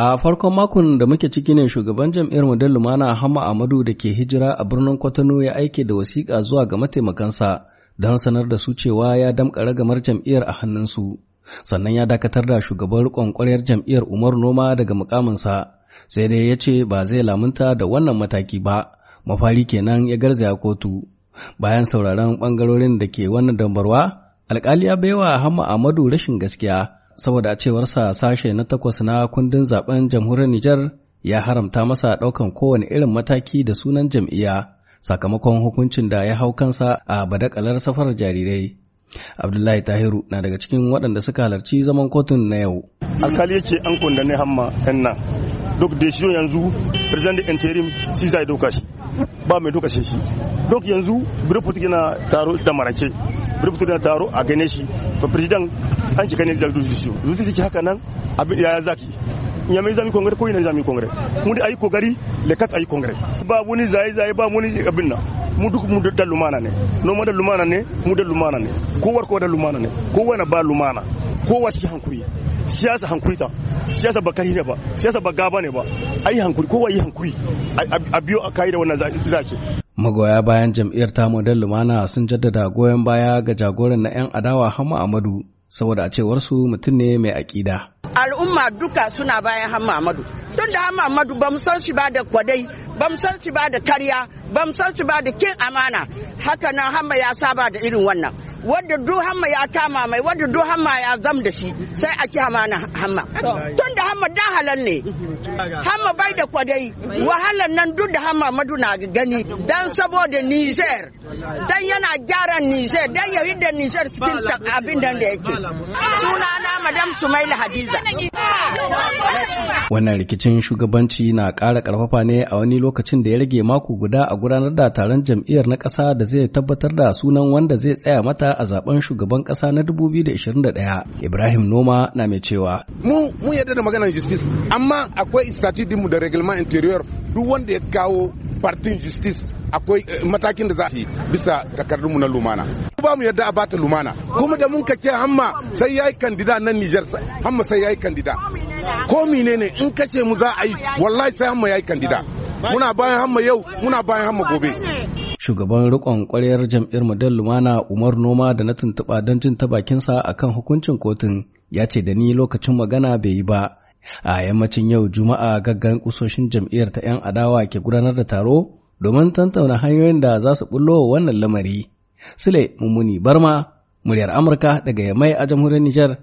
A farkon makon da muke ciki ne shugaban jam'iyyar Model Lumana Hama Amadu da ke hijira a birnin Kwatano ya aike da wasiƙa zuwa ga mataimakansa don sanar da su cewa ya damƙa ragamar jam'iyyar a hannunsu. Sannan ya dakatar da shugaban riƙon jam'iyyar Umar Noma daga mukaminsa, sai dai ya ce ba zai lamunta da wannan mataki ba, mafari kenan ya garzaya kotu. Bayan sauraron ɓangarorin da ke wannan dambarwa, alƙali ya baiwa Hama Amadu rashin gaskiya saboda a cewarsa sashe na takwas na kundin zaben jamhuriyar Nijar ya haramta masa ɗaukan kowane irin mataki da sunan jam'iyya sakamakon hukuncin da ya hau kansa a badakalar safarar jarirai. Abdullahi Tahiru na daga cikin waɗanda suka halarci zaman kotun na yau. Alkali yake an ne hamma yan duk da shi yanzu president interim shi zai doka shi. Ba mai doka shi. Duk yanzu birfut yana taro da marake. burbutu da taro a gane shi ba president an ci ganin jaldu shi zuci da haka nan abin ya zaki ya mai zami kongare ko ina zami kongare mu da ayi kokari le kat ayi kongare ba wani zai zai ba wani abin nan mu duk mu da lumana ne n'o mu da lumana ne mu da lumana ne kowar ko da lumana ne ko na ba lumana ko wata hankuri siyasa hankuri ta siyasa ba kari ne ba siyasa ba gaba ne ba ai hankuri kowa yi hankuri a biyo a kai da wannan zaki magoya bayan jam'iyyar ta model lumana sun jaddada goyon baya ga jagoran na 'yan adawa hama amadu saboda a cewar su mutum ne mai aƙida al'umma duka suna bayan hama amadu tun da hama amadu ba san shi ba da kwadai ba san shi ba da karya ba san shi ba da kin amana haka nan Hamma ya saba da irin wannan wadda du hamma ya kama mai wadda du hamma ya zam da shi sai a ci hama na hamma tun da hamma da halal ne hamma bai da kwadai wahalan nan duk da hamma na gani dan saboda Niger dan yana gyaran Niger dan yayi da Niger cikin abin da yake suna na madam Sumaila Hadiza wannan rikicin shugabanci na ƙara karfafa ne a wani lokacin da ya rage mako guda a gudanar da taron jam'iyyar na kasa da zai tabbatar da sunan wanda zai tsaya mata a zaben shugaban kasa na 2021 Ibrahim Noma na mai cewa mu mun yadda da maganar justice amma akwai statute dinmu da reglement interior duk wanda ya kawo partin justice akwai eh, matakin da za a yi bisa takardunmu na lumana ba mu yadda a bata lumana kuma da mun kace hamma sai yayi kandida nan Niger hamma sai yayi kandida ko menene in kace mu za a yi wallahi sai hamma yayi kandida muna bayan hamma yau muna bayan hamma gobe shugaban rikon kwaryar jam'iyyar model lumana umar noma da na tuntuɓa don jin ta bakinsa kan hukuncin kotun ya ce da ni lokacin magana bai yi ba a yammacin yau juma'a gaggan kusoshin jam'iyyar ta 'yan adawa ke gudanar da taro domin tantauna hanyoyin da za su bullo wannan lamari sule mummuni barma muryar amurka daga yamai a jamhuriyar nijar